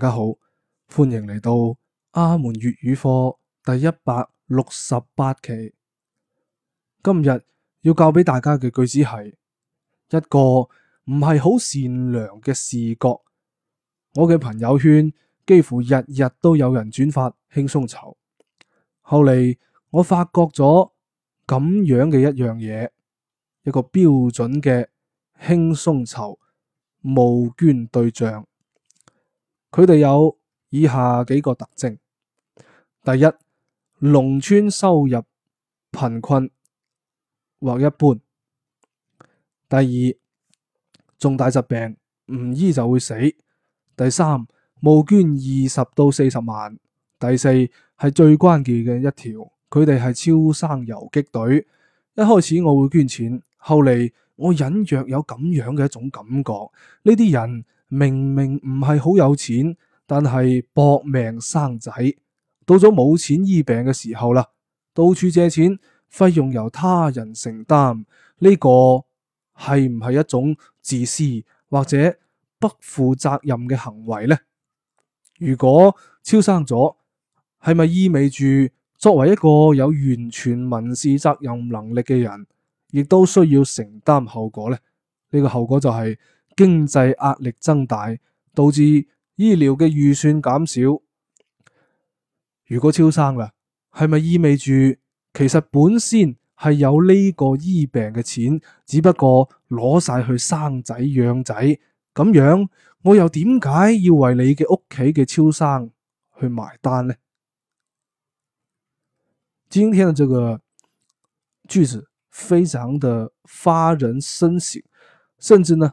大家好，歡迎嚟到阿門粵語課第一百六十八期。今日要教俾大家嘅句子係一個唔係好善良嘅視角。我嘅朋友圈，幾乎日日都有人轉發輕鬆籌。後嚟我發覺咗咁樣嘅一樣嘢，一個標準嘅輕鬆籌募捐對象。佢哋有以下幾個特徵：第一，農村收入貧困或一般；第二，重大疾病唔醫就會死；第三，募捐二十到四十萬；第四，係最關鍵嘅一條，佢哋係超生游擊隊。一開始我會捐錢，後嚟我隱約有咁樣嘅一種感覺，呢啲人。明明唔係好有錢，但係搏命生仔，到咗冇錢醫病嘅時候啦，到處借錢，費用由他人承擔，呢個係唔係一種自私或者不負責任嘅行為呢？如果超生咗，係咪意味住作為一個有完全民事責任能力嘅人，亦都需要承擔後果呢？呢個後果就係。經濟壓力增大，導致醫療嘅預算減少。如果超生啦，係咪意味住其實本身係有呢個醫病嘅錢，只不過攞晒去生仔養仔咁樣？我又點解要為你嘅屋企嘅超生去埋單呢？今天嘅這個句子，非常的發人深省，甚至呢？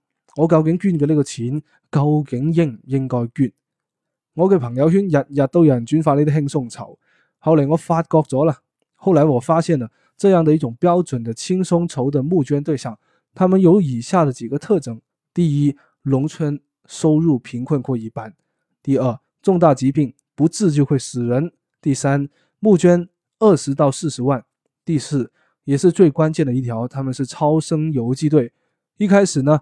我究竟捐嘅呢個錢究竟應唔應該捐？我嘅朋友圈日日都有人轉發呢啲輕鬆籌。後嚟我發覺咗啦，後來我發現了這樣的一種標準的輕鬆籌的募捐對象，他們有以下的幾個特徵：第一，農村收入貧困或一般；第二，重大疾病不治就會死人；第三，募捐二十到四十萬；第四，也是最關鍵的一條，他們是超生游擊隊。一開始呢？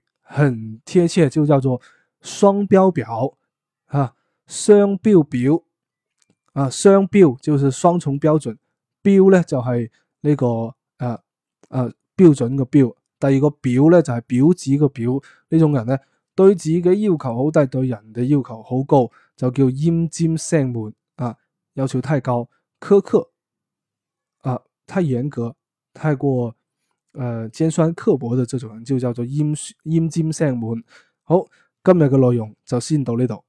很貼切，就叫做雙標表，啊，雙標表，啊，雙標就是雙重標準，標咧就係呢個，啊啊標準個標，第二個表咧就係表子個表，呢種人咧對自己要求好低，對人哋要求好高，就叫腌尖腥悶，啊，要求太高苛刻，啊，太嚴格，太過。呃、尖酸刻薄的這種人就叫做醃、醃尖腥悶。好，今日嘅內容就先到呢度。